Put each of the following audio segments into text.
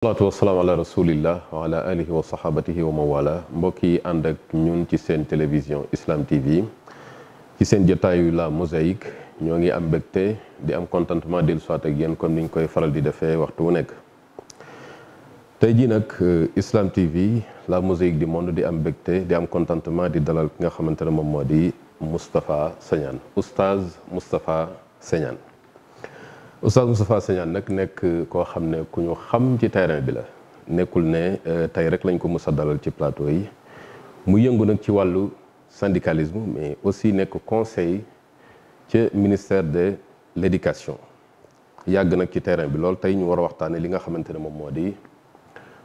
salaatu wasalaam ala rasulillah wa ala alihi wa sahabatihi wa mawala mbokk yi ànd ak ñun ci Islam TV ci seen jotaayu la mosaïque ñoo ambekte di am contentement dellu soit ak yéen comme niñ koy faral di defee waxtu wu nekk tey Islam TV la mosaïque di monde di ambekte di am contentement di dalal ki nga xamante ne moom moo di Moustapha Oustaz Moustapha Sagnane nag nekk koo xam ne ku ñu xam ci terrain bi la nekkul ne euh, tey rek lañ ko mës dalal ci plateau yi mu yëngu nag ci wàllu syndicalisme mais aussi nekk conseil ca ministère de l'éducation yàgg nag ci terrain bi lool tey ñu war a waxtaane li nga xamante ne moom moo di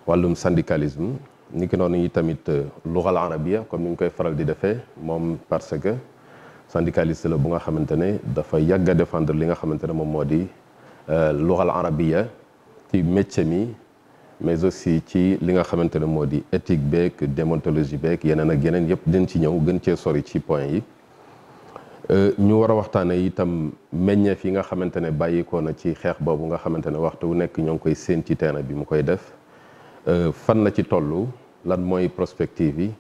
wàllum syndicalisme ni ki noonu yi tamit euh, luxal arabia comme ni ñu koy faral di defee moom parce que syndicaliste la bu nga xamante ne dafa yàgg a li nga xamante ne moom moo di Euh, luxa al arabia ci métier mi mais aussi ci li nga xamante ne moo di éthique beeg déontologie beeg yeneen ak yeneen yëpp dinañ ci ñëw gën cee sori ci point yi euh, ñu war a waxtaanee itam meññeef yi nga xamante ne bàyyikoo na ci xeex boobu nga xamante ne waxtu wu nekk ñoo ngi koy séen ci terrain bi mu koy def euh, fan la ci toll lan mooy prospective yi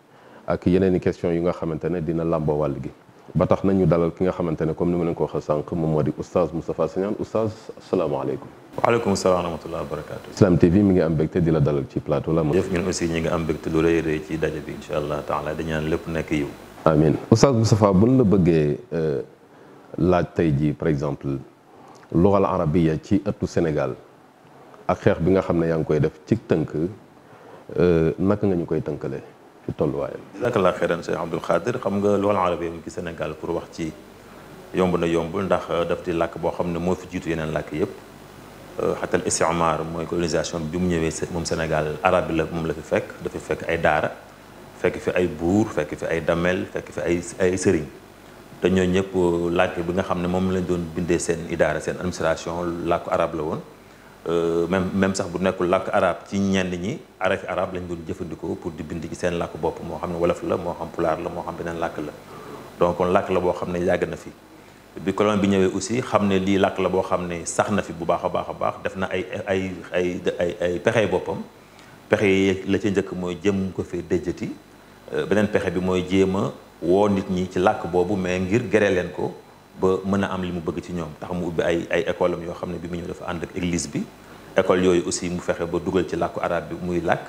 ak yeneen i question yu nga xamante ne dina làmboo wàll gi ba tax nañu dalal ki nga xamante ne comme ni ma leen ko waxee sànq moom moo di oustaz Moustapha Sagnane oustaz asalaamaaleykum. waaleykum salaam wa rahmatulah wa barakaatu. Islam mi ngi am mbégte di la dalal ci plateau la. jëf ñun aussi ñi nga am mbégte lu rëy rëy ci daje bi incha allah taala di ñaan lépp nekk yiw. amin oustaz Moustapha buñ la bëggee euh, laaj tey jii par exemple luxal arabiya ci ëttu Sénégal ak bi nga xam ne yaa ngi koy def ci tënk euh, naka nga ñu koy tënkale ci tolluwaayam. jazakallah xeyran Cheikh Abdoul Khadir xam nga loolu arabia bi Sénégal pour wax ci yomb na yombul ndax daf di làkk boo xam ne fi jiitu yeneen làkk yëpp xatal istimar mooy colonisation bi mu ñëwee moom Sénégal arabe la moom la fi fekk dafa fekk ay daara fekk fi ay buur fekk fi ay damel fekk fi ay ay sëriñ te ñooñu ñëpp làkk bi nga xam ne lañ doon bindee seen idaara seen administration làkku arabe la woon. Euh, même même sax bu nekkul làkk arab ci ñenn ñi arafi arab lañ doon jëfandikoo pour di bind ci seen làkk bopp moo xam ne wolof la moo xam pulaar la moo xam beneen la donc kon la boo xam ne yàgg na fi bi colon bi ñëwee aussi xam ne lii làkk la boo xam ne sax na fi bu baax a baax a baax def na ay ay ay ay ay pexe boppam pexe yi la ca njëkk mooy jëm ko fee déjeti euh, beneen pexe bi mooy jéem a woo nit ñi ci làkk boobu mais ngir gere leen ko ba mën a am li mu bëgg ci ñoom tax mu ubbi ay ay école yoo xam ne bi mu ñëw dafa ànd ak église bi école yooyu aussi mu fexe ba dugal ci làkku arabe bi muy làkk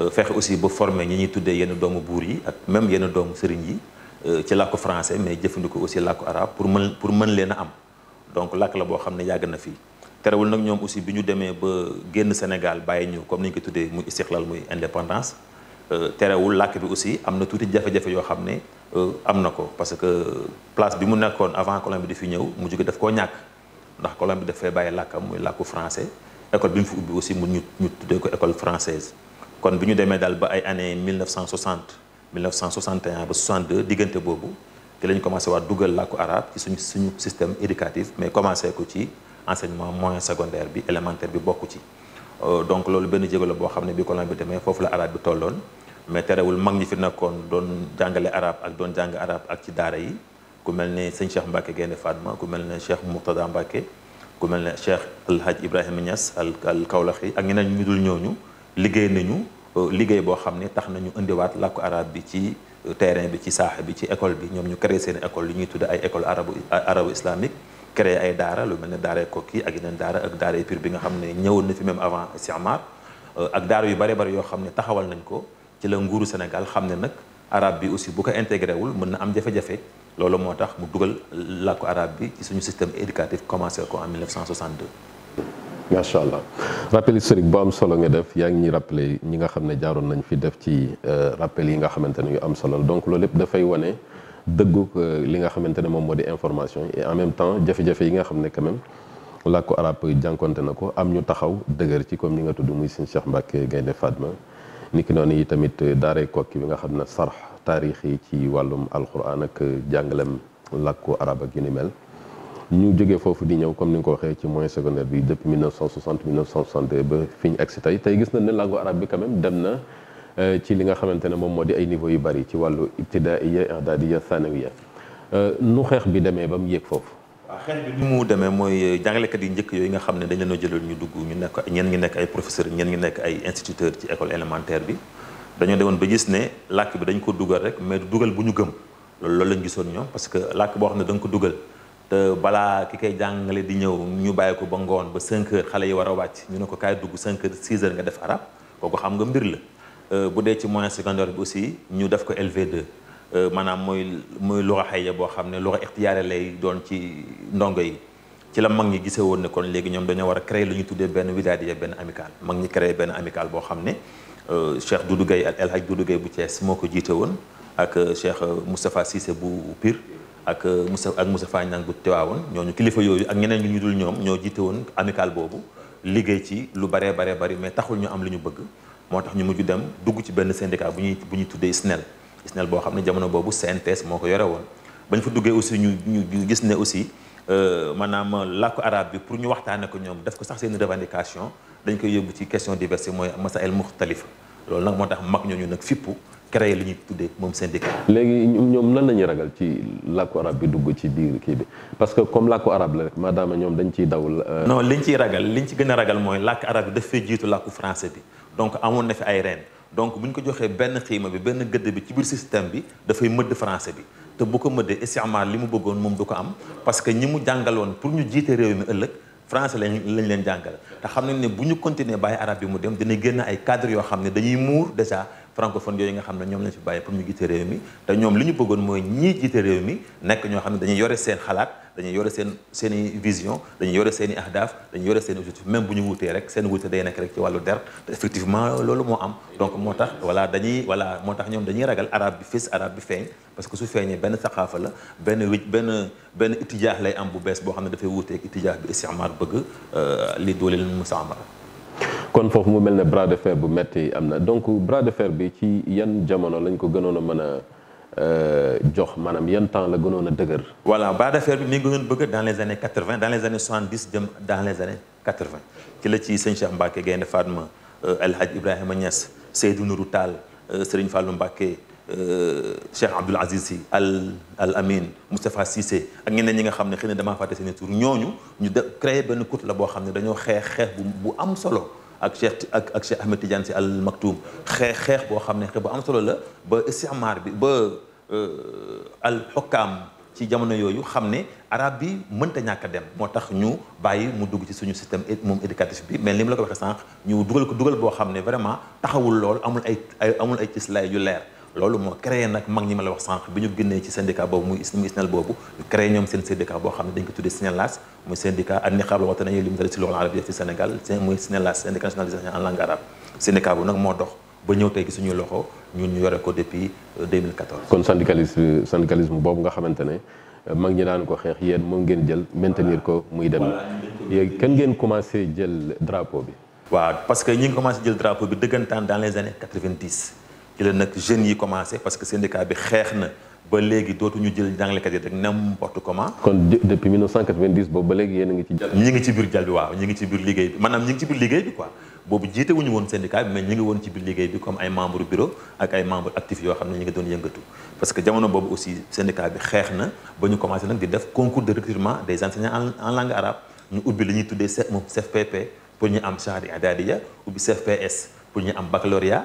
euh, fexe aussi ba forme ñi ñuy tuddee yenn doomu buur yi ak même yenn doomu sëriñ yi euh, ci làkku français mais jëfandikoo aussi làkku arabe pour mën pour mën leen a am donc làkk la boo xam ne yàgg na fii terewul nag ñoom aussi bi ñu demee ba génn Sénégal bàyyi ñu comme ni ñu ko tuddee muy istiqlal muy indépendance Euh, téréwul làkk bi aussi amna touti jafé jafé yo xamné euh ne ko parce que place bi mu nekkoon avant colon bi di fi ñëw mu jóge daf ko ñak ndax colon bi dafay bàyyi làkkam muy français école bi mu fi ubbi aussi mu ñu ñu tuddee ko école française kon biñu démé dal ba ay années 1960 1961 ba 62 digënté bobu té lañ commencé wa duggal làkku arabe ci suñu suñu système éducatif mais commencé ko ci enseignement moyen secondaire bi élémentaire bi bokku ci euh, donc lolu benn djégo la boo xam bi colon bi demee foofu la arabe bi tollone mais terewul mag ñi fi nekkoon doon jàngale arab ak doon jàng araab ak ci daara yi ku mel ni sëñ Cheikh Mbacke Gaynde Fatma ku mel ne Cheikh Murtada Mbacke ku mel ne Cheikh El Hadj Ibrahima Niass al al Kaolaxi ak ñeneen ñu dul ñooñu liggéey nañu euh, liggéey boo xam ne tax nañu indiwaat làkku arab bi ci euh, terrain bi ci saaxa bi ci école bi ñoom ñu créé seen école li ñuy tudde ay école arabu arabo islamique créé ay daara lu mel ne daara kokki ak yeneen daara ak daara pire bi nga xam ne ñëwoon na fi même avant Siamar euh, ak daara yu bare bari yoo xam ne taxawal nañ ko ci la nguuru Sénégal xamne nak arab bi aussi bu ko intégré wul mën na am jafe-jafe lolo motax tax mu dugal làkku arab bi ci suñu système éducatif commencé ko en 1962. machallah rappel historique bu am solo nga def yaa ngi ñuy rappelé ñi nga xamne jaaroon nañ fi def ci rappel yi nga xamantene yu am solo donc loolu lépp fay wone deug li nga xamantene mom modi information et en même temps jafe-jafe yi nga xamne quand même. làkku arab jànkonte nako am ñu taxaw deuguer ci comme ñi nga tuddu muy seigne Cheikh Mbacke gayne Fatma niki noonu yi tamit daaree kokki bi nga xam ne sarx taarix yi ci wàllum alquran ñu jógee foofu di ñëw comme ni ko waxee ci moyen secondaire bi depuis 1960 1962 ba fi ñu agsi tey gis nañ ne làkku arab bi quand même dem na ci li nga xamantene mom modi ay niveau yu bari ci walu ibtidaiyya i'dadiyya thanawiyya euh nu xex bi démé bam yek fofu waaw xeex bi ni mu demee mooy jàngalekat yi njëkk yooyu nga xam ne dañ leen a ñu dugg ñu nekk ñenn ñu nekk ay professeur ñenn ñu nekk ay ci école élémentaire bi dañoo demoon ba gis ne làkk bi dañ ko dugal rek mais dugal bu ñu gëm loolu lañ gisoon ñoom parce que làkk boo xam ne da nga ko dugal te balaa ki koy jàngale di ñëw ñu bàyyi ko ba ngoon ba 5 xale yi war a wàcc ñu ne ko kaay dugg 5 heures 6 heures nga def arab kooku xam nga mbir la euh, bu dee ci moyen secondaire bi aussi ñu def ko LV2 Euh, maanaam mooy muy lura xayya boo xam ne lura ixtiyaare lay doon ci ndongo yi ci la mag ñi gisee woon ne kon léegi ñoom dañoo war a créer lu ñu tuddee benn wilaadiya benn amicale mag ñi créer benn amicale boo xam ne euh, Cheikh Doudou Gueye ak El Hadj Doudou Gueye bu Thiès moo ko jiite woon ak euh, Cheikh Moustapha Cissé bu Pire ak Moussa ak Moustapha Niang bu Tiwaawoon ñooñu kilifa yooyu ak ñeneen ñu dul ñoom ñoo jiite woon amicale boobu liggéey ci lu baree baree bari mais taxul ñu am lu ñu bëgg moo tax ñu mujj dem dugg ci benn syndicat bu ñu bu ñuy tuddee SNEL ISNEL boo xam ne jamono bobu CNTS moko ko yore woon bañ fa duggé aussi ñu ñu gis ne aussi euh, maanaam làkku arabe bi pour ñu waxtaane ko ñoom def ko sax seen revendication dañ koy yóbbu ci question diverses moy masail muxtalifa loolu nag moo tax mag ñu nak fippu créer li ñuy tuddee mom syndicat. légui ñom lan lañu ragal ci làkku arabe bi dugg ci biir kii bi parce que comme làkku arabe la rek madame ñom dañ ciy daw. Euh, non liñ ciy ragal liñ ci gëna ragal moy làkk arabe def fi jitu jiitu français bi donc amon na fi ay reine donc bu ñu ko joxee benn xiima bi benn gëdd bi ci biir système bi dafay mëdd français bi te bu ko mëddee istimaar li mu bëggoon moom du ko am parce que ñi mu jàngaloon pour ñu jiite réew mi ëllëg français lañ lañ leen jàngal te xam nañ ne bu ñu continuer bàyyi arab yi mu dem dina génn ay cadre yoo xam ne dañuy muur déjà francophone yooyu nga xam ñom lañ ci baye pour ñu jiite réew mi te ñoom li ñu bëggoon moy ñi jiite réew mi nekk ñoo xam dañuy yoré seen xalaat dañuy yoré seen seen vision dañuy yoré seen ahdaf dañuy yoré seen i objectif même bu ñu wuté rek seen wuté day nekk rek ci walu der effectivement loolu mo am donc motax wala dañuy wala motax ñom dañuy ragal arab bi fis arab bi feñ parce que su feñé ben saxaafa la ben wéj ben ben itijah lay am bu bees bo xam da fay wuté itijah bi istimaar bëgg euh li dooleel musamara kon foofu mu mel ne bras de fer bu metti am na donc bras de fer bi ci yan jamono lañ ko gënoon a mën a euh, jox maanaam yan temps la gënoon a dëgër. wala bras de fer bi mi ngi gënoon bëgg dans les années 80 dans les années 70 jëm dans les années 80 ci la ci sëñ Cheikh Mbacke Gaynde Fatma euh, El Hadj Ibrahima Niass Seydou Nourou taal euh, Serigne fàllu Mbacke Cheikh Abdoul Aziz Sy al al Amin Moustapha Cissé ak ñeneen ñi nga xam ne xëy na damaa fàtte seen i tur ñooñu ñu de créé benn couple la boo xam ne dañoo xeex xeex bu am solo. ak Cheikh ak ak Cheikh Ahmed Tidiane si al Maktoum xeex xeex boo xam ne xeex bu am solo la ba isticmaar bi ba al xokkaam ci jamono yooyu xam ne arab bi mënta ñàkk a dem moo tax ñu bàyyi mu dugg ci suñu système moom éducatif bi mais li mu la ko waxee sànq ñu dugal ko dugal boo xam ne vraiment taxawul lool amul ay ay amul ay cislaay yu leer lolou mo créé nak mag ñi ma la wax sank biñu gënné ci syndicat bobu muy muy SNEL boobu ñu créé ñoom seen syndicat bo xamné dañ ko tuddee SNELAS muy syndicat an-niqaab waxtaan nañu li mu dal si loolu ci sénégal c'est muy SNELAS syndicat national des enseignants en langue arabe syndicat bu nag moo dox ba ñew tay gi suñu loxo ñun ñu yoré ko depuis 2014. Euh, kon syndicalisme syndicalisme bobu nga xamante ne euh, mag ñi daan ko xex yeen mo ngeen jël maintenir ko muy dem yéen kan ngeen commencé jël drapeau bi. waaw parce que ñi ngi commencé jël drapeau bi dëggantaan dans les années 90 ci la nag jeunes yi commencé parce que syndicat bi xeex na ba léegi dootuñu jël jàngalekat yi rek n'importe comment. kon depuis 1990 boobu ba léegi yéen a ngi ci. ñi ngi ci biir jal bi waaw ñi ngi ci biir liggéey bi maanaam ñi ngi ci biir liggéey bi quoi boobu jiite wuñu woon syndicat bi mais ñi ngi woon ci biir liggéey bi comme ay membre du bureau ak ay membre actif yoo xam ne ñi ngi doon yëngatu parce que jamono boobu aussi syndicat bi xeex na ba ñu commencé nag di def concours de recrutement des enseignants en langue arabe ñu ubbi li ñuy tuddee CFPP pour ñu am charia daadiya ubbi CFPS pour ñu am baccalauréat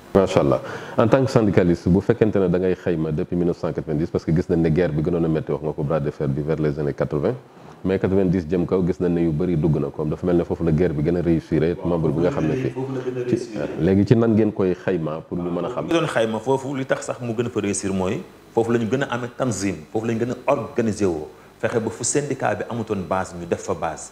macha allah en tant que syndicaliste bu fekkente ne da ngay xayma depuis 1990 parce que gis nañ ne guerre bi gënoon a métti wax nga ko bras de fer bi vers les années 80 mais 90 jëm kaw gis nañ ne yu bëri dugg na comme dafa mel ne foofu la guerre bi gën a réussir membre bi nga xam ne fii léegi ci nan ngeen koy xayma pour ñu mën a xam doon xayma foofu li tax sax mu gën a fa réussir mooy foofu la ñu gën a amee tanzim foofu la ñu gën a organisé woo fexe ba fu syndicat bi amutoon base ñu def fa base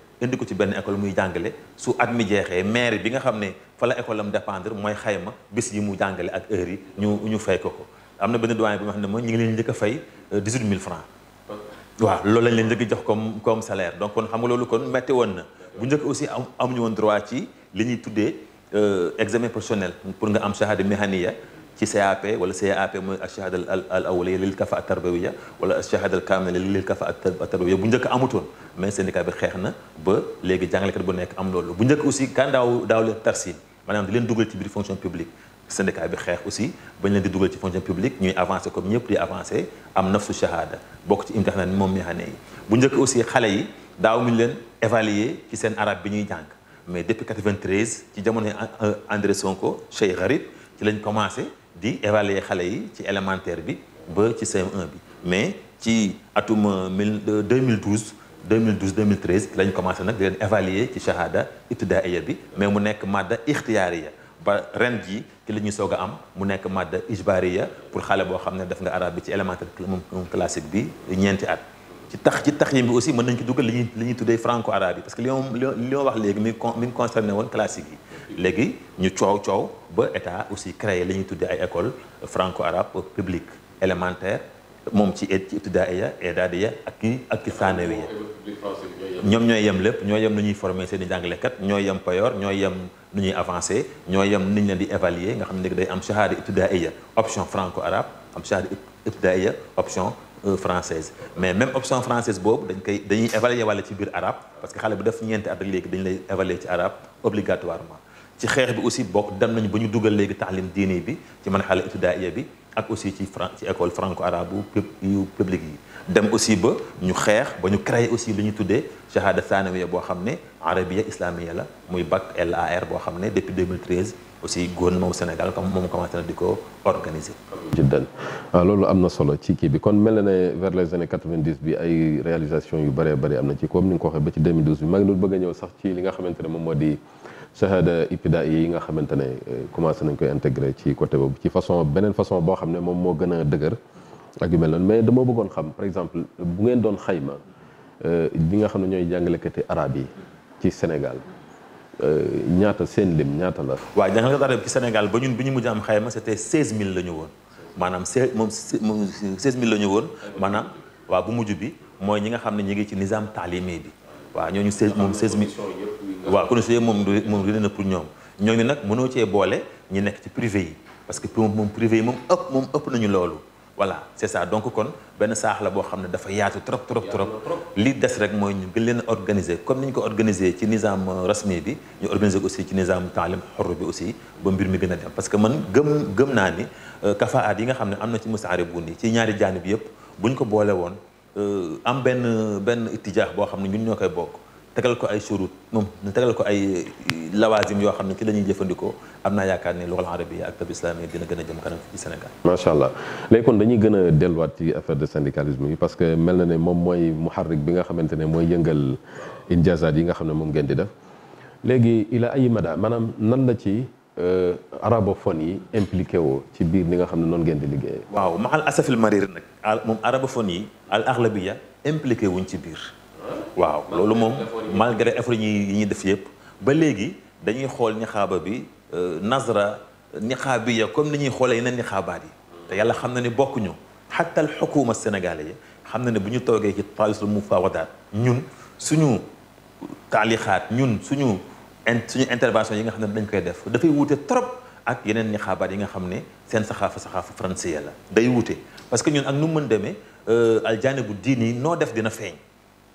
indi ko ci benn école muy jàngale su at mi jeexee maire bi nga xam ne fa la école am dépendre mooy xayma bis yi mu jàngale ak heure yi ñu ñu fay ko am na benn doyen bi nga xam ne mooy ñu ngi leen njëkk a fay 18000 euh, francs waaw loolu lañ leen njëkk jox comme comme salaire donc kon xam nga loolu kon metti woon na bu njëkk aussi am amuñu woon droit ci li ñuy tuddee euh, examen professionnel pour nga am shahada mihaniya تي سي ا بي ولا سي ا بي مو الشهاده الاوليه للكفاءه التربويه ولا الشهاده الكامله للكفاءه التربويه بو نك اموتون مي سينيكا بي خيخنا با ليغي جانغلي كات بو نك ام لولو بو نك اوسي كان داو داو لي ترسين مانام دي لين دوغال تي بير فونكسيون بوبليك سينيكا بي خيخ اوسي با نلين دي دوغال تي فونكسيون بوبليك ني افانسي كوم نيب لي افانسي ام نفس الشهاده بوك تي امتحان موم ميهاني بو نك اوسي خالاي داو مين لين ايفاليي تي سين عرب بي ني جانغ مي ديبي 93 تي جامونو اندري سونكو شي غريب تي لين كومونسي di évaluer xale yi ci élémentaire bi ba ci CM1 bi mais ci atum 2012 2012 2013 lañ commencé nak di len évaluer ci shahada ibtidaaiya bi mais mu nekk madda ixtiyaariya ba ren jii ki la ñuy am mu nekk madda ijbaariya pour xale boo xam def nga arabe ci élémentaire moom classique bi ñeenti at. ci tax ci tax yi bi aussi mën nañ ci duggal li ñuy tuddé franco arabe parce que li ma li ma wax légui mi mi concerné won classique yi légui ñu ciow ciow ba état aussi créé li ñuy tuddee ay école franco-arabe publique élémentaire moom ci ci ibtidaaya idaadiya ak ki ak ki saanawiya ñom ñoy yem lepp ñoy yem nu ñuy former seen i kat ñoy yem payoor ñoy yem nu ñuy avancer ñoy yem ni leen di évaluer nga xam ne day am shahada ibtidaaya option franco-arabe am shahada ibtidaaya option euh, française mais même option française boobu dañ koy dañuy évaluer walla ci bir arabe parce que xalé bu def ñent at léegi dañ lay évaluer ci arabe obligatoirement ci xex bi aussi bok dem nañu ba duggal légui taalim diine bi ci man xale étudaaya bi ak aussi ci fran ci école franco arabe yu public yi dem aussi ba ñu xex ba ñu créer aussi li ñu tuddé shahada sanawiya bo xamné ne arabia islamia la muy bac LAR bo xamné depuis 2013 aussi gouvernement au Sénégal comme mom commencé na diko organiser. jiddan loolu am na solo ci ki bi kon mel ne vers les années 90 bi ay réalisation yu bari bari amna ci comme ni ko waxé ba ci 2012 bi maa ngi bëgg ñëw sax ci li nga xamante mom modi shahada ibtidaa yi nga xamante ne euh, commencé nañ koy intégré ci côté boobu ci façon beneen façon boo xam ne moom moo gën a dëgër ak yu mel noonu mais dama bëggoon xam par exemple bu ngeen doon xayma bi euh, nga xam ne ñooy jàngalekati arab yi ci Sénégal euh, ñaata seen lim ñaata la. waaw jàngalekati arab ci ba ñun bi ñu mujj am xayma c'était 16000 la ñu woon maanaam se moom 16000 la ñu woon maanaam waaw bu mujj bi mooy ñi nga xam ne ñu ngi ci nizam taalimi bi waaw ñooñu 16 moom 16000. waaw connoisseur yooyu mom moom gën na pour ñoom ñooñu nag mënoo cee boole ñu nek ci privé yi parce que mom privé mom ëpp mom ëpp nañu loolu voilà c'est ça donc kon ben sax la bo xamné dafa yaatu trop trop trop li dess rek moy ñu gën leen organiser comme niñ ko organiser ci nizam rasmi bi ñu organiser aussi ci nizam taalim xorr bi aussi ba mbir mi gëna a dem parce que man gëm gëm na ni euh, kafaat yi nga xamné amna ci musaare bu ci ñaari jaani yépp buñ ko boole woon euh, am ben ben itijaax bo xamné ñun ñokay bokk tegal ko ay shurut moom ñu ko ay eh, lawaasim yoo xam ne ci la jëfandikoo am naa yaakaar ne luxal arabiya ak tab islami dina gën a jëm kanam ci Sénégal macha allah léegi kon dañuy gën a delluwaat ci affaire de syndicalisme yi parce que mel na ne moom mooy muharrik bi nga xamante ne mooy yëngal injazat yi nga xam ne moom ngeen di def léegi ila ay mada maanaam nan la ci euh, arabophone yi impliqué woo ci biir li nga xam ne noonu ngeen di liggéeyee waaw mahal asafil marir nag moom arabophone yi al aghlabiya impliqué wuñ ci biir waaw loolu moom malgré effort yi ñuy def yëpp ba léegi dañuy xool nixaaba bi nazra nixaabiya comme ni ñuy xoolee yeneen nixaabaat yi te yàlla xam na ne bokkuñu xatta al sénégalais yi xam na ne bu ñu toogee ci taalisul mufawadaat ñun suñu taalixaat ñun suñu suñu intervention yi nga xam ne dañ koy def dafay wuute trop ak yeneen nixaabaat yi nga xam ne seen saxaafa saxaafa français la day wuute parce que ñun ak nu mën demee aljaane bu diini noo def dina feeñ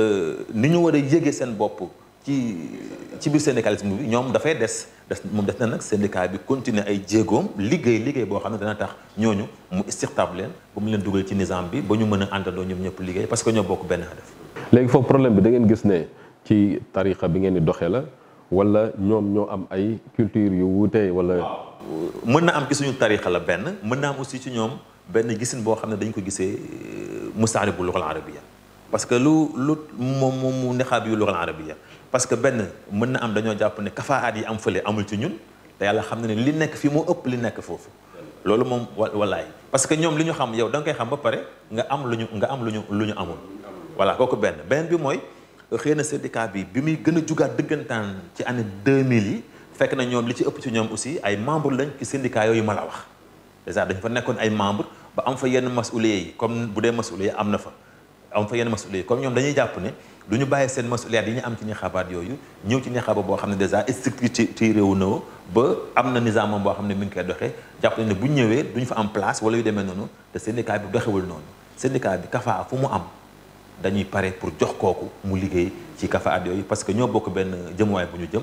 Euh, ni ñu war a yéege seen bopp ci ci biir syndicalisme bi ñoom dafay des des moom des na nag syndicat bi continuer ay jéegoom liggéey liggéey boo xam ne dana tax ñooñu mu istiqtaab leen ba mu leen dugal ci nizam bi ba ñu mën a àndandoo ñoom ñëpp liggéey que ñoo bokk benn hadaf léegi foofu problème bi da ngeen gis ne ci tariqa bi ngeen di doxee la wala ñoom ñoo am ay culture yu wuute wala. mën na am ci suñu tariqa la benn mën naa am aussi ci ñoom benn gisin boo xam ne dañ ko gisee euh, musaani bu luxal arabiya parce que lu lu moom moom mu nexaab yu lugal arabiya parce que benn mën na am dañoo jàpp ne kafaat yi am fële amul ci ñun te yàlla xam na ne li nekk fii moo ëpp li nekk foofu loolu moom wallaay parce que ñoom li ñu xam yow da nga koy xam ba pare nga am lu ñu nga am lu ñu lu ñu amul voilà kooku benn beneen bi mooy xëy na syndicat bi bi muy gën a jugaat dëggantaan ci année 2000 yi fekk na ñoom li ci ëpp ci ñoom aussi ay membre lañ ci syndicat yooyu ma la wax dèjà dañ fa nekkoon ay membre ba am fa yenn masulier yi comme bu dee masulier am na fa am fa yenn masuliyaat comme ñoom dañuy jàpp ne du ñu bàyyi seen masuliyaat yi ñu am ci nexaabaat yooyu ñëw ci nexaaba boo xam ne dèjà structuré ci réew na ba am na nizaam boo xam ne mi ngi koy doxee jàpp ne bu ñu ñëwee du ñu fa am place wala yu demee noonu te syndicat bi doxewul noonu syndicat bi kafaa fu mu am dañuy pare pour jox kooku mu liggéey ci kafaat yooyu parce que ñoo bokk benn jëmuwaay bu ñu jëm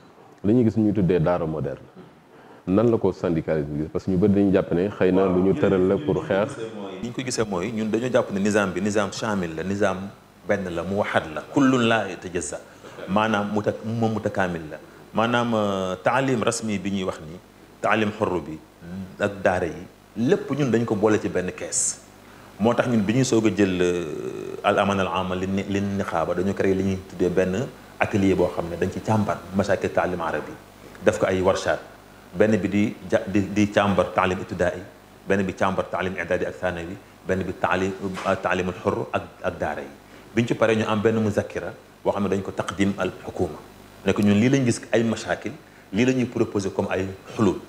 li ñu gis ñuy tuddee daara moderne nan la ko syndicalisme gis parce que ñu bëri dañu jàpp ne xëy na lu ñu tëral la pour xeex. ni ñu ko gisee mooy ñun dañoo jàpp ne nizaam bi nizaam chamil la nizaam benn la mu waxat la kullun laa yatajazza maanaam muta moom mutakaamil la maanaam taalim rasmi bi ñuy wax ni taalim xorru bi ak daara yi lépp ñun dañ ko boole ci benn kees moo tax ñun bi ñuy soog a jël al aman al amal li li niqaaba dañu créé li ñuy tuddee benn atelier boo xam ne dañ ci càmbar masaakil taalim arabi def ko ay warshaat benn bi di di di càmbar taalim ibtidaai benn bi càmbar taalim idaadi ak thanawi benn bi taalim euh, taalimul xur ak ak daara yi biñ ci paree ñu am benn muzakkira boo xam ne dañ ko taqdim al xukuma ne ko ñun lii lañ gis ay masaakil lii la ñuy proposé comme ay xulul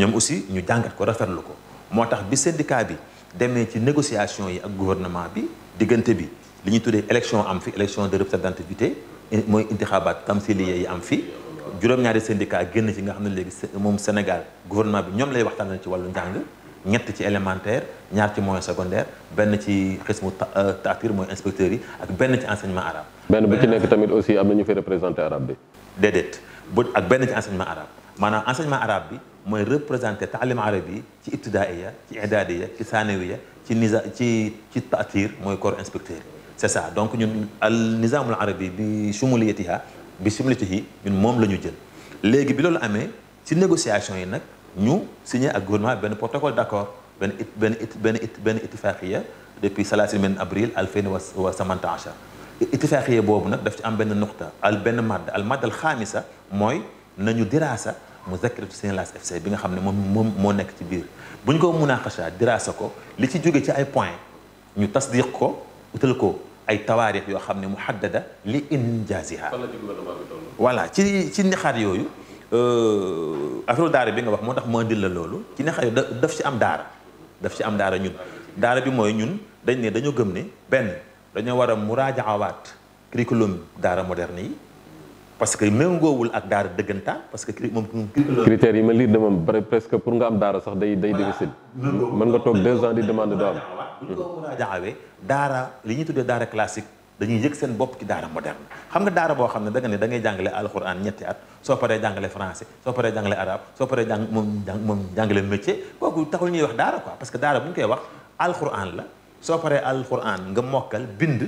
ñoom aussi ñu jàngat ko rafetlu ko moo tax bi syndicat bi demee ci négociation yi ak gouvernement bi diggante bi li ñuy tuddee election am fi élection de représentativité mooy intixaabaat tamsiliya yi am fii juróom-ñaari syndicat génn ci nga xam ne léegi Sénégal gouvernement bi ñoom lay waxtaanal ci wàllu njàng ñett ci élémentaire ñaar ci moyen secondaire benn ci xismu taatir mooy inspecteurs yi ak benn ci enseignement arabe. benn bu ci nekk tamit aussi am na ñu fay arabe bi. déedéet ak benn ci enseignement arabe maanaam enseignement arabe bi mooy représenté taalim arabe ci ibtidaaiya ci idaadiya ci saanawiya ci ci ci taatir mooy corps inspecteur c'est ça donc ñun al nizam al arabi bi shumuliyatiha bi shumulatihi ñun mom lañu jël légui bi lolu amé ci négociation yi nak ñu signé ak gouvernement ben protocole d'accord ben it ben it benn it benn itifaaqiya depuis salaasin min avril 2018 ittifaqiya bobu nak daf ci am ben nokta al ben mad al mad al khamisa moy nañu dirasa muzakaratu Sénélas FC bi nga xam ne moom moom moo nekk ci biir bu ñu ko munaaxasha diraasa ko li ci jóge ci ay point ñu tasdiq ko utal ko ay tawaarix yoo xam ne mu xaddada li injaaziha voilà ci ci nixaat yooyu euh, affaire daara bi nga wax moo tax ma dil la loolu ci nixaat yooyu daf ci am daara daf ci am daara ñun daara bi mooy ñun dañ ne dañoo gëm ne benn dañoo war a muraajawaat curriculum daara moderne yi parce que méngoowul ak daara dëggantaan parce que moom moom. critères yi ma liir de moom presque pour nga am daara sax day difficile. mën nga toog deux ans di demande doo am. bu ñu ko mën a jaxawee daara li ñuy tuddee daara classique dañuy yëg seen bopp ci daara moderne xam nga daara boo xam ne da nga ne da ngay jàngale alxuraan ñetti at soo paree jàngale français soo paree jàngale arabe soo paree jàng moom moom kooku taxul ñuy wax daara quoi parce que daara bu ñu koy wax alxuraan la soo paree alxuraan nga mokkal bind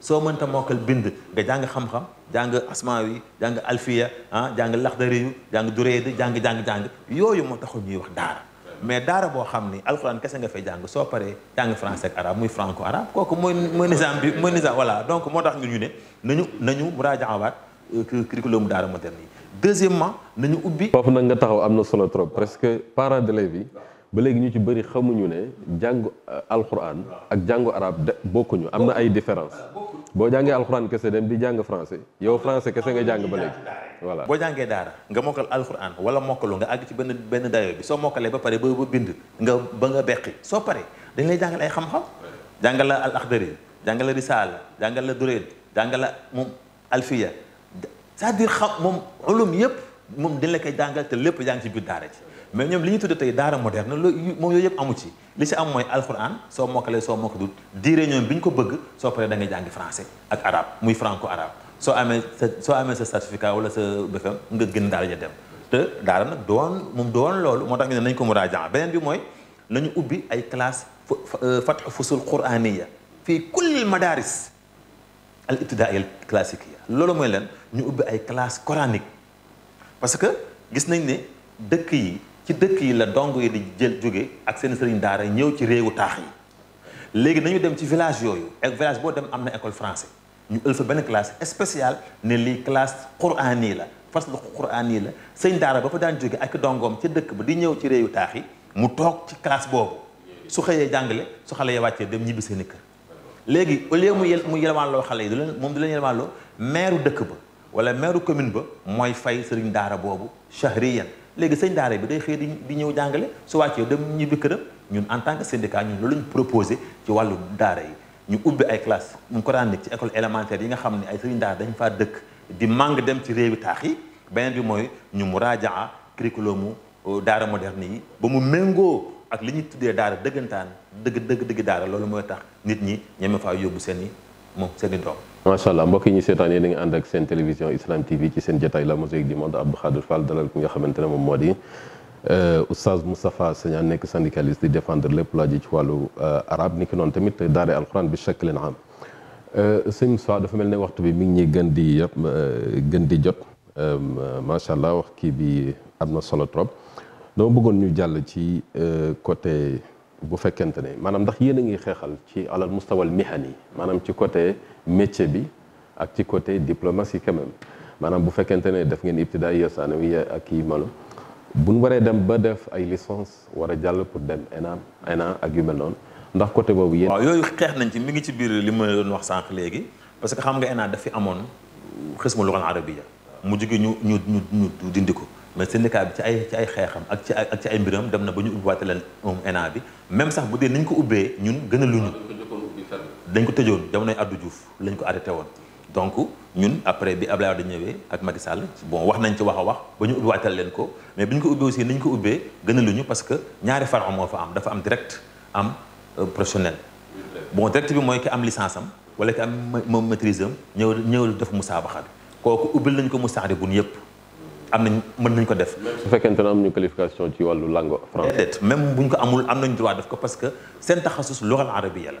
soo mënta mokkal bind nga jàng xam-xam jàng asmaawi jàng alfiya ah jàng laxdariyu jàng dureedi jàng jàng jàng yooyu moo taxul ñuy wax daara mais dara bo xamni alcorane kessa nga fay français ak arabe franco arabe donc motax ngi ñu nañu nañu curriculum deuxièmement nañu ubbi. fofu nga taxaw Amna ba léegi ñu ci bëri xamuñu ne jàngu euh, alxuraan ak jàngu arab de bokkuñu am na ay différence boo jàngee alxuraan kese dem bi jàng français yow français kese nga jàng ba léegi voilà. boo jàngee daara nga mokkal alxuraan wala mokkalu nga àgg ci benn benn dayo bi soo mokkalee ba pare ba ba bind nga ba nga beqi soo pare dañ lay jàngal ay xam-xam jàngal al axdari jàngal la risaala jàngal la duréet jàngal la moom alfiya cest xam moom ulum yëpp moom dañ la koy jàngal te lépp yaa ci biir daara ci mais ñoom li ñu tuddee tey daara moderne loolu moom yooyu yëpp amu ci li ci am mooy alxuraan soo mokkalee soo mokk dul diire ñoom bi ñu ko bëgg soo paree da ngay jàngi français ak arabe muy franco arabe soo amee sa soo amee sa certificat wala sa BFEM nga gën daal ja dem te daara nag doon moom doon loolu moo tax ñu ne nañ ko muraaja beneen bi mooy nañu ubbi ay classe euh, fatx fusul quraniya fii kulli madaris al ibtidaaiya al classiqiya loolu mooy leen ñu ubbi ay classe coranique parce que gis nañ ne dëkk yi ci dëkk yi la dong yi di jël jóge ak seen sëriñ daara ñëw ci réewu taax yi léegi nañu dem ci village yooyu ak e- village boo dem am na école français ñu ël fa benn classe spéciale ne lii classe quraan yi la parce que quraan yi la sëñ daara ba fa daan jóge ak dongoom ci dëkk ba di ñëw ci réewu taax yi mu toog ci classe boobu su xëyee jàngale su xale ya wàccee dem ñibbi seen i kër léegi au lieu mu yel yelwaanloo xale yi du leen moom du leen yelwaanloo maire dëkk ba wala maire commune ba mooy fay sëriñ daara boobu chahriyan léegi sëñ daara ba day xëy di ñëw jàngale su wàccee dem ñibbi këram ñun en tant que syndicat ñun loolu ñu proposé ci wàllu daara yi ñu ubbi ay classe mu coranique ci école élémentaire yi nga xam ne ay sëriñ daara dañ faa dëkk di mang dem ci réewi taax yi beneen bi mooy ñu muraajaa curriculum mu euh, daara moderne yi ba mu méngoo ak li ñuy tuddee daara dëggantaan dëgg dëgg dëgg daara loolu mooy tax nit ñi ñeme faa yóbbu seen i moom seen i doom ما شاء الله مباكي ني سيتان ني نغي اندك سين تيليفزيون اسلام تي في سي سين جتاي لا موزيك دي موند عبد الخادر فال دالال كيغا خامتاني موم مودي ا استاذ مصطفى سيغان نيك سانديكاليست دي ديفاندر لي بلا جي توالو عرب نيك نون تاميت داري القران بشكل عام ا سين مصطفى دا فا ملني وقت بي مي ني غندي ياب غندي جوت ما شاء الله وخكي بي ابنا سولو تروب دو بوغون ني جال سي كوتي بو فكانتني مانام داخ يي نغي خيخال سي على المستوى المهني مانام سي كوتي métier bi ak ci côté diplomatie quand même maanaam bu fekkente ne daf ngeen ibtidaa yeesaanawi ak kii malo bu ñu waree dem ba def ay licence war a jàll pour dem ENAM ENA ak yu mel noonu ndax côté boobu yéen. yooyu xeex nañ ci mi ngi ci biir li ma doon wax sànq léegi parce que xam nga ENA dafi amoon xismu luxal arabiya mu jóge ñu ñu ñu ñu dindi ko mais syndicat bi ci ay ay xeexam ak ci ay ak ay mbiram dem na ba ñu ubbiwaate leen ENA bi même sax bu dee nañ dañ ko tëjoon jamonoy Abdou Diouf lañ ko arrêté woon donc ñun après bi Abdoulaye Wade ñëwee ak Macky Sall bon wax nañ ci wax a wax ba ñu ubbi waatal leen ko mais bi ñu ko ubbee aussi niñ ko ubbee gën a luñu parce que ñaari faron moo fa am dafa am direct am euh, professionnel bon direct bi mooy ki am licence am wala ki am moom maîtrise am ñëw ñëw def musaabaxa bi kooku ubbil nañ ko musaari bun yëpp am nañ mën nañ ko def. fekkente ne ñu qualification ci wàllu langue française. même bu ñu ko amul am nañ droit def ko parce que seen taxasus luxal arabiya la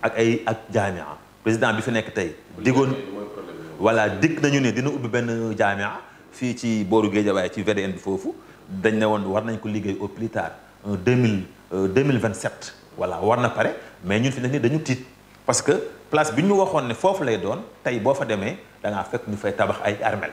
ak ay ak jaamia président bi fi nekk tey diggoon voilà dikk nañu ne dina ubbi benn jaamia fii ci booru waaye ci VDN bi foofu dañ ne woon war nañ ko liggéey au plus tard en euh, deux mille euh, deux mille vingt sept voilà war na pare mais ñun fi nekk nii dañu tiit parce que place bi ñu waxoon ne foofu lay doon tey boo fa demee da fekk ñu fay tabax ay armel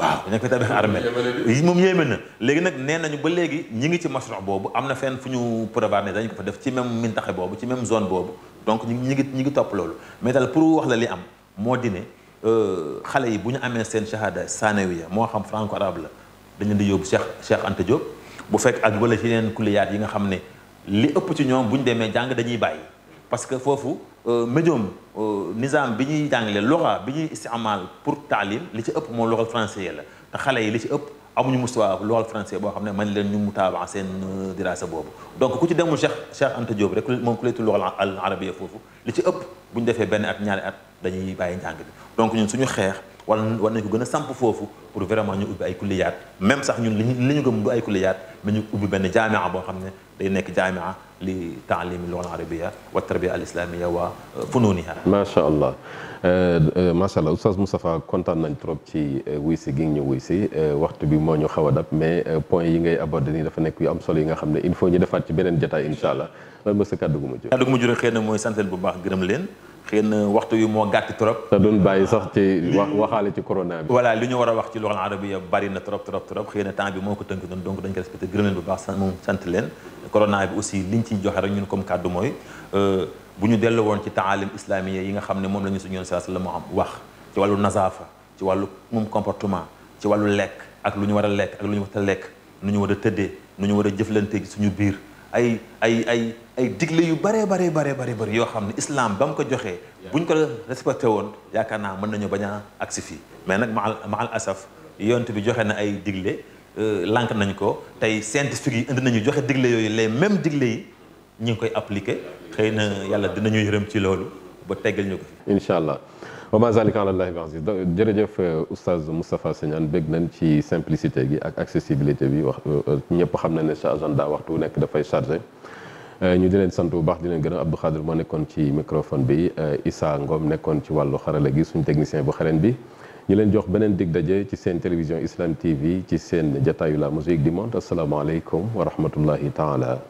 waaw dañ ko tabax armel yi moom yéeme na léegi nag nee nañu ba léegi ñi ngi ci masron boobu am na fenn fu ñu prévoir ne dañ ko fa def ci même mintaxe boobu ci même zone boobu donc ñu ñi ngi ñi ngi topp loolu mais daal pour wax la li am moo di ne euh, xale yi bu ñu amee seen shahada sanawiya moo xam franco arabe la dañu di yóbbu Cheikh Cheikh Anta Diop bu fekk ak wala ci leen kulliyaat yi nga xam ne li ëpp ci ñoom bu ñu demee jàng dañuy bàyyi parce foofu médium nizaam bi ñuy jàngale loxa bi ñuy istimal pour taalim li ci ëpp moom loxal français la te xale yi li ci ëpp amuñu mustawa loxal français boo xam ne man leen ñu mutaaba seen dirasa boobu donc ku ci demul Cheikh Cheikh Anta Diop rek moom ku lay tudd loxal al arabia foofu li ci ëpp bu ñu defee benn at ñaari at dañuy bàyyi njàng bi donc ñun suñu xeex wala war nañ ko gën a samp foofu pour vraiment ñu ubbi ay kulliyaat même sax ñun li ñu gëm du ay kulliyaat mais ñu ubbi benn jaamia boo xam ne day nekk jaamia li taalimi lugha arabia wa tarbia al islamia wa fununiha macha allah macha allah oustaz Moustapha kontaan nañ trop ci wuy si gi nga ñu wuy si waxtu bi moo ñu xaw a dab mais point yi ngay abordé nii dafa nekk yu am solo yi nga xam il faut ñu defaat ci beneen jotaay incha lan ma sa kàddu gu mujj. kàddu gu mujj rek xëy na mooy bu baax gërëm leen xëy na waxtu yi moo gàtt trop. te duñ bàyyi sax ci wax waxaale ci corona bi. li ñu war a wax ci loxol arabiya bari na trop trop trop xëy na temps bi moo ko tënk noonu donc dañ ko respecté gërëm leen bu baax moom sant leen. corona bi aussi liñ ciy joxe rek ñun comme kàddu mooy euh, bu ñu dellu woon ci taalim islamiya yi nga xam ne moom la ñu suñu yoon sallallahu alayhi wasallam wax ci wàllu nazaafa ci wàllu moom comportement ci wàllu lekk ak lu ñu war a lekk ak lu ñu war a lekk nu ñu war a tëddee nu ñu war a jëflanteeg suñu biir ay ay ay ay digle yu bare bare bare bare bëri yoo xam ne islaam ba mu ko joxee buñ ko respecté woon yaakaar naa mën nañu bañ a agsi fii mais nag maal maal asaf yont bi joxe na ay digle euh, lànk nañ ko tey scientifique yi indi nañu joxe digle yooyu les même digle yi ñu ngi koy appliquer xëy na yàlla dinañu yërëm ci loolu ba teggal ñu ko fi incha allah وما ذلك على الله العزيز جرجف استاذ مصطفى سنان بيغ نان سي سامبليسيتي غي اك اكسيسيبيليتي بي نييب خام نان سي اجندا وقتو نيك دا فاي شارجي ني دي لن سانتو باخ دي لن غن عبد القادر مو ميكروفون بي عيسى غوم نيكون سي والو خرالي غي سون تكنيسيان بو خرين بي ني لن جوخ بنن ديك داجي سي سين تلفزيون اسلام تي في سين جتايو لا موزيك دي مونت السلام عليكم ورحمه الله تعالى